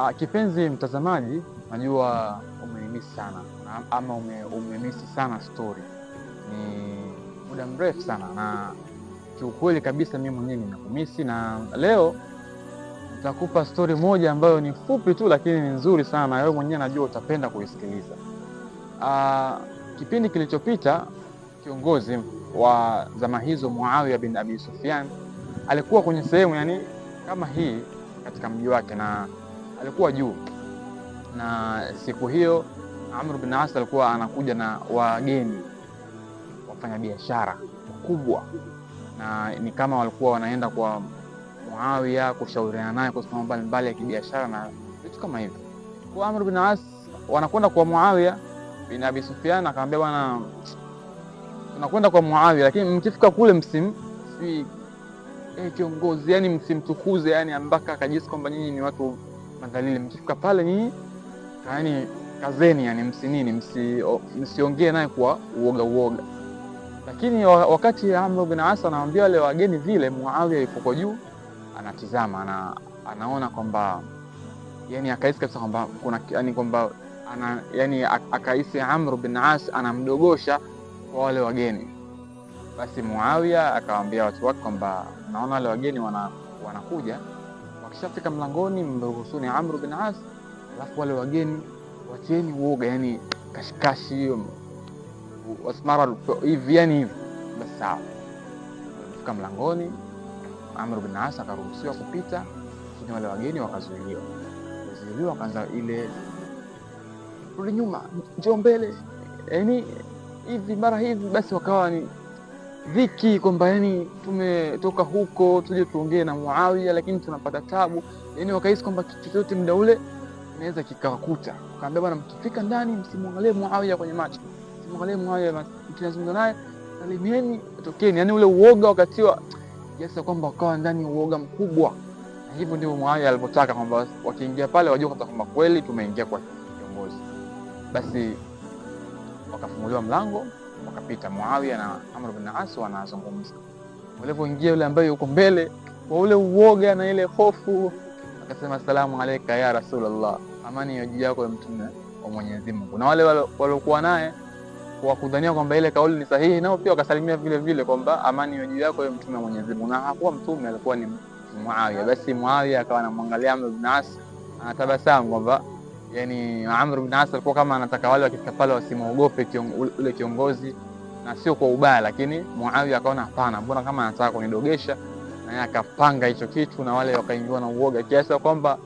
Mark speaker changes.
Speaker 1: Ah, kipenzi mtazamaji, najua umemisi sana ama ume, umemisi sana stori, ni muda mrefu sana, na kiukweli kabisa mimi mwenyewe nimekumisi, na leo nitakupa stori moja ambayo ni fupi tu, lakini ni nzuri sana. Wewe mwenyewe najua utapenda kuisikiliza. Ah, kipindi kilichopita kiongozi wa zama hizo Muawiya bin Abi Sufyan alikuwa kwenye sehemu yani kama hii katika mji wake na alikuwa juu, na siku hiyo Amr bin As alikuwa anakuja na wageni wafanya biashara kubwa, na ni kama walikuwa wanaenda kwa Muawiya kushauriana naye kuhusu mambo mbalimbali ya kibiashara na vitu kama hivyo. Kwa Amr bin As wanakwenda kwa Muawiya bin Abi Sufyan, akamwambia bwana, tunakwenda kwa Muawiya, lakini mkifika kule msim si eh, kiongozi yani, msimtukuze yani, mpaka akajisi kwamba nyinyi ni watu Mangalilee. Mkifika pale nyinyi yani kazeni, yani msinini, msi, msiongee naye kwa uoga uoga. Lakini wakati Amr bin As anawambia wale wageni vile, Muawiya ipoko kwa juu anatizama ana, anaona kwamba yani akahisi kabisa kwamba kuna yani kwamba ana yani akahisi Amr bin As anamdogosha kwa wale wageni. Basi Muawiya akawambia watu wake kwamba naona wale wageni wana, wanakuja wakishafika mlangoni mruhusuni Amru bin As, alafu wale wageni wacheni uoga, yani kashikashi hiyo wasmara hivi, yani hivi basi. Sawa, walipofika mlangoni Amru bin As akaruhusiwa kupita, lakini wale wageni wakazuiliwa. wazuiliwa wakaanza ile rudi nyuma, njoo mbele, yani hivi mara hivi, basi wakawa ni dhiki kwamba yani tumetoka huko tuje tuongee na Muawiya, lakini tunapata tabu. Yani wakahisi kwamba kitu chote muda ule inaweza kikawakuta. Kaambia bwana, mkifika ndani msimwangalie Muawiya kwenye macho, msimwangalie Muawiya, mkizungumza naye salimieni, tokeni. Yani ule uoga wakatiwa kiasi kwamba wakawa ndani uoga mkubwa, na hivyo ndivyo Muawiya alivyotaka kwamba wakiingia pale wajua kwamba kweli tumeingia kwa kiongozi. Basi wakafunguliwa mlango wakapita Muawiya na Amr bin As wanazungumza. Walipoingia yule ambaye yuko mbele kwa ule uoga na ile hofu, akasema salamu alayka ya Rasulullah, amani ya juu yako mtume wa Mwenyezi Mungu. Na wale waliokuwa naye kwa kudhania kwamba ile kauli ni sahihi, nao pia wakasalimia vile vile kwamba amani ya juu yako mtume wa Mwenyezi Mungu. Na hakuwa mtume, alikuwa ni Muawiya. Basi Muawiya akawa anamwangalia Amr bin As anatabasamu kwamba yani Amr bin As alikuwa kama anataka wale wakifika pale wasimwogope ule kiongozi na sio kwa ubaya, lakini Muawiya akaona hapana, mbona kama anataka kunidogesha, na yeye akapanga hicho kitu na wale wakaingiwa na uoga kiasi kwamba